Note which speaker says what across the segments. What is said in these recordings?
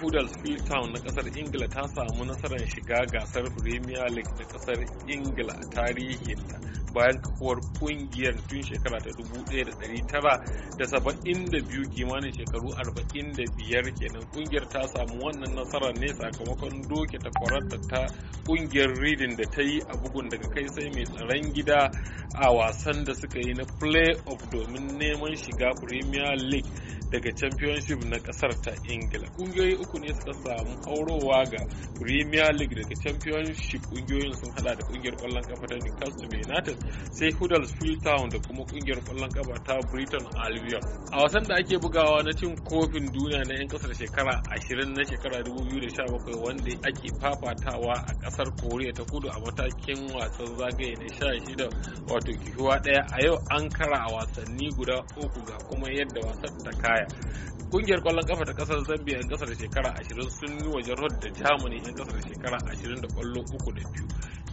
Speaker 1: Huddersfield Town na kasar Ingila ta samu nasarar shiga gasar Premier League na kasar Ingila a ta bayan kafuwar kungiyar tun shekara ta 1972 kimanin shekaru 45 kenan kungiyar ta samu wannan nasarar ne sakamakon doke ta kwararta ta kungiyar Reading da ta yi a bugun daga kai sai mai tsaron gida a wasan da suka yi na play-off domin neman shiga Premier League daga championship na kasar ta ingila kungiyoyi uku ne suka samu aurowa ga premier league daga championship kungiyoyin sun hada da kungiyar kwallon kafa ta newcastle united sai huddersfield town da kuma kungiyar kwallon kafa ta britain albion a wasan da ake bugawa na cin kofin duniya na 'yan kasar shekara 20 na shekara 2017 wanda ake fafatawa a kasar koriya ta kudu a matakin wasan zagaye na 16 wato kihuwa daya a yau an kara a wasanni guda uku ga kuma yadda wasan ta kaya baya kungiyar kwallon kafa ta kasar zambia yan kasar shekara 20 sun yi wa jarhot da germany yan kasar shekara 20 da kwallo 3 da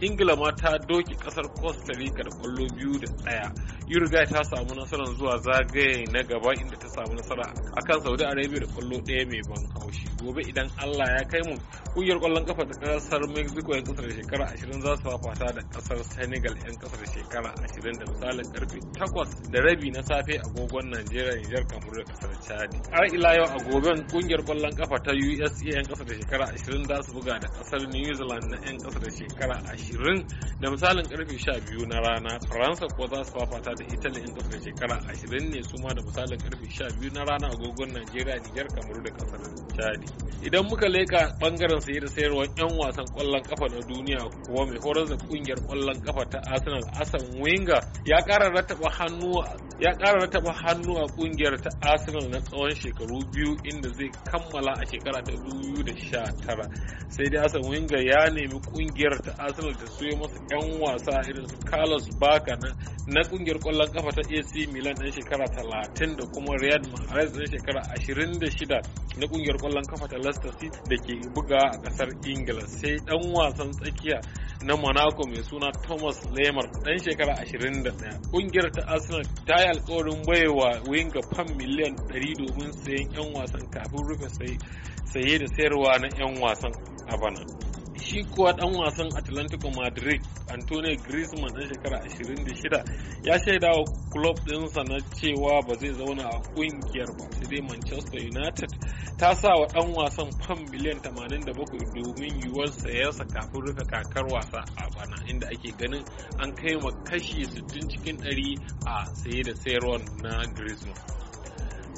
Speaker 1: 2 ingila ma ta doki kasar costa rica da kwallo 2 da 1 uruguay ta samu nasarar zuwa zagaye na gaba inda ta samu nasara akan saudi arabia da kwallo 1 mai ban haushi gobe idan Allah ya kai mu kungiyar kwallon kafa ta kasar Mexico yan kasar shekara 20 za su fafata da kasar Senegal yan kasar shekara 20 da misalin karfe 8 da rabi na safe agogon Najeriya Niger Kamaru da kasar Chad. Har ila yau a goben kungiyar kwallon kafa ta USA yan kasar shekara 20 za su buga da kasar New Zealand na yan kasar shekara 20 da misalin karfe 12 na rana Faransa ko za su fafata da Italy yan kasar shekara 20 ne su ma da misalin karfe 12 na rana agogon Najeriya Nijar Kamaru da kasar Chad. idan muka leka bangaren saye da sayarwar 'yan wasan kwallon kafa na duniya kuma mai horar da kungiyar kwallon kafa ta arsenal asan wenger ya kara rattaba hannu ya kara rataba hannu a kungiyar ta arsenal na tsawon shekaru biyu inda zai kammala a shekara ta 2019 sai dai asan wenger ya nemi kungiyar ta arsenal ta suyo masa 'yan wasa irin su carlos baka na na kungiyar kwallon kafa ta AC Milan ɗan shekara 30 da kuma Real Madrid ɗan shekara 26 na kungiyar kwallon kafa ta Leicester City da ke buga a ƙasar Ingila sai ɗan wasan tsakiya na Monaco mai suna Thomas Lemar ɗan shekara 21 kungiyar ta Arsenal ta yi alkawarin baiwa winga fam miliyan 100 domin sayan 'yan wasan kafin rufe saye da sayarwa na 'yan wasan a bana. shi kuwa dan wasan atlantico madrid antonio griezmann dan shekara 26 ya shaida wa club dinsa na cewa ba zai zauna a kungiyar ba sai dai manchester united ta sa wa dan wasan fam miliyan 87 domin yiwuwar sayarsa kafin rufe kakar wasa a bana inda ake ganin an kai ma kashi 60 cikin 100 a saye da sayarwar na griezmann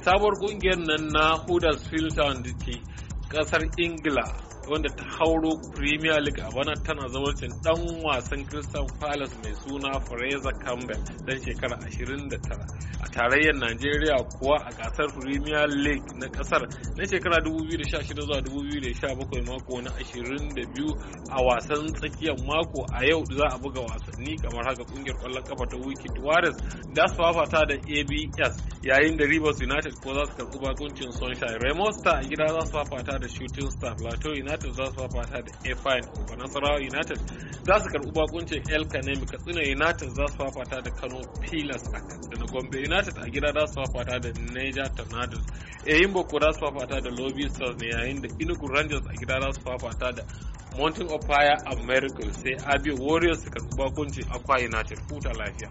Speaker 1: sabuwar kungiyar nan na huddersfield town da ke kasar ingila wanda ta hauro premier league a bana tana zawarcin dan wasan crystal palace mai suna fraser campbell dan shekara 29 a tarayyar nigeria kuwa a gasar premier league na kasar na shekara 2016 zuwa 2017 mako na 22 a wasan tsakiyar mako a yau za a buga wasanni kamar haka kungiyar kwallon kafa ta wicked warriors da su fafata da abs yayin da rivers united ko za su karbi bakuncin sunshine remosta star a gida za su fafata da shooting star plateau united united za su fafata da efine uba nasarawa united za su karɓi bakuncin el kanemi katsina united za su fafata da kano pilas a katsina gombe united a gida za su fafata da niger tornadoes eyimbo Boko za su fafata da lobby stars ne yayin da inugu rangers a gida za su fafata da mountain of fire a miracle sai abia warriors su karɓi bakuncin akwa united huta lafiya